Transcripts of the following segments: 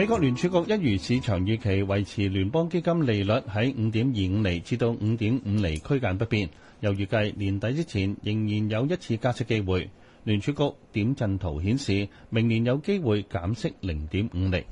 美國聯儲局一如市場預期，維持聯邦基金利率喺五點二五厘至到五點五厘區間不變，又預計年底之前仍然有一次加息機會。聯儲局點陣圖顯示，明年有機會減息零點五厘。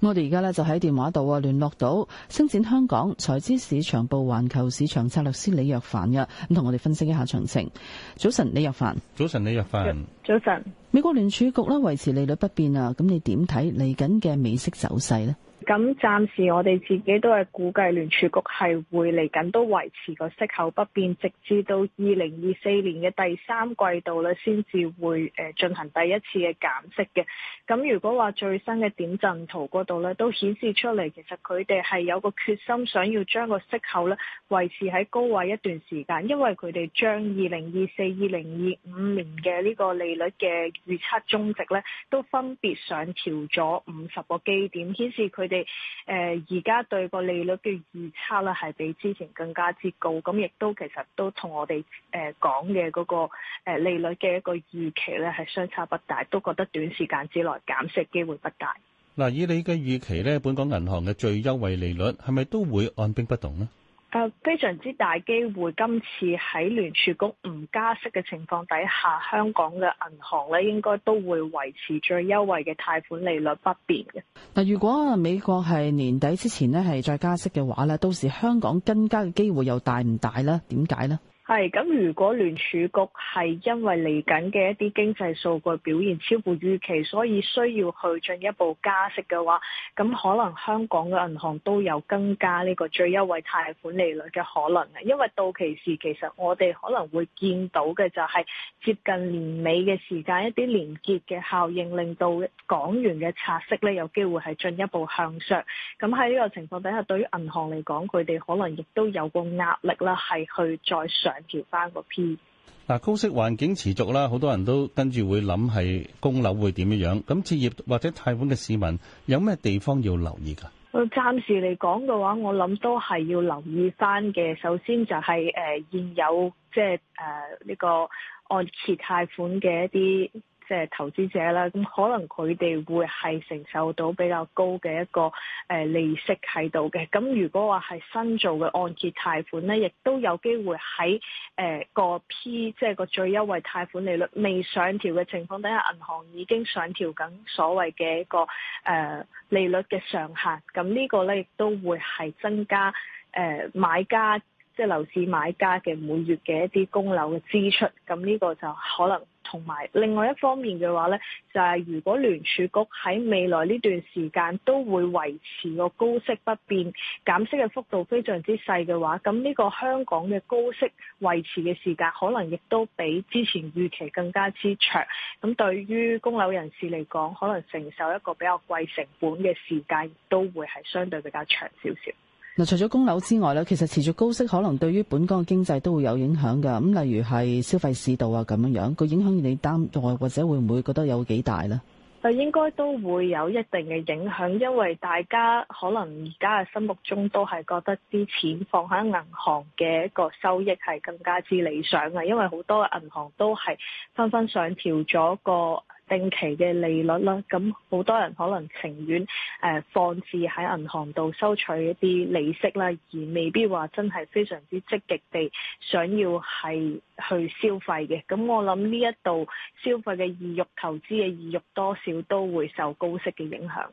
我哋而家呢，就喺電話度聯絡到星展香港財資市場部環球市場策略師李若凡啊，咁同我哋分析一下詳情。早晨，李若凡。早晨，李若凡。早晨安。美國聯儲局呢維持利率不變啊，咁你點睇嚟緊嘅美息走勢呢？咁暫時我哋自己都係估計聯儲局係會嚟緊都維持個息口不變，直至到二零二四年嘅第三季度咧，先至會誒進行第一次嘅減息嘅。咁如果話最新嘅點陣圖嗰度咧，都顯示出嚟，其實佢哋係有個決心，想要將個息口咧維持喺高位一段時間，因為佢哋將二零二四、二零二五年嘅呢個利率嘅預測中值咧，都分別上調咗五十個基點，顯示佢哋。誒，而家對個利率嘅預測啦，係比之前更加之高，咁亦都其實都同我哋誒講嘅嗰個誒利率嘅一個預期咧，係相差不大，都覺得短時間之內減息機會不大。嗱，以你嘅預期咧，本港銀行嘅最優惠利率係咪都會按兵不動呢？非常之大機會，今次喺聯儲局唔加息嘅情況底下，香港嘅銀行咧應該都會維持最優惠嘅貸款利率不變嘅。嗱，如果美國係年底之前咧係再加息嘅話咧，到時香港跟加嘅機會又大唔大咧？點解咧？係，咁如果聯儲局係因為嚟緊嘅一啲經濟數據表現超乎預期，所以需要去進一步加息嘅話，咁可能香港嘅銀行都有增加呢個最優惠貸款利率嘅可能嘅，因為到期時其實我哋可能會見到嘅就係接近年尾嘅時間，一啲連結嘅效應令到港元嘅拆息呢有機會係進一步向上，咁喺呢個情況底下，對於銀行嚟講，佢哋可能亦都有個壓力啦，係去再上。調翻個 P。嗱、嗯，高息環境持續啦，好多人都跟住會諗係供樓會點樣。咁置業或者貸款嘅市民有咩地方要留意㗎？我暫時嚟講嘅話，我諗都係要留意翻嘅。首先就係、是、誒、呃、現有即係誒呢個按揭貸款嘅一啲。即係投資者啦，咁可能佢哋會係承受到比較高嘅一個誒利息喺度嘅。咁如果話係新造嘅按揭貸款咧，亦都有機會喺誒個 P，即係個最優惠貸款利率未上調嘅情況底下，銀行已經上調緊所謂嘅一個誒、呃、利率嘅上限。咁呢個咧亦都會係增加誒、呃、買家。即係樓市買家嘅每月嘅一啲供樓嘅支出，咁呢個就可能同埋另外一方面嘅話咧，就係如果聯儲局喺未來呢段時間都會維持個高息不變，減息嘅幅度非常之細嘅話，咁呢個香港嘅高息維持嘅時間可能亦都比之前預期更加之長，咁對於供樓人士嚟講可能承受一個比較貴成本嘅時間都會係相對比較長少少。嗱，除咗供樓之外咧，其實持續高息可能對於本港嘅經濟都會有影響嘅。咁，例如係消費市道啊，咁樣樣，個影響你擔待或者會唔會覺得有幾大呢？啊，應該都會有一定嘅影響，因為大家可能而家嘅心目中都係覺得啲錢放喺銀行嘅一個收益係更加之理想嘅，因為好多銀行都係紛紛上調咗個定期嘅利率啦，咁好多人可能情願誒放置喺銀行度收取一啲利息啦，而未必話真係非常之積極地想要係去消費嘅。咁我諗呢一度消費嘅意欲，投資嘅意欲多少都會受高息嘅影響。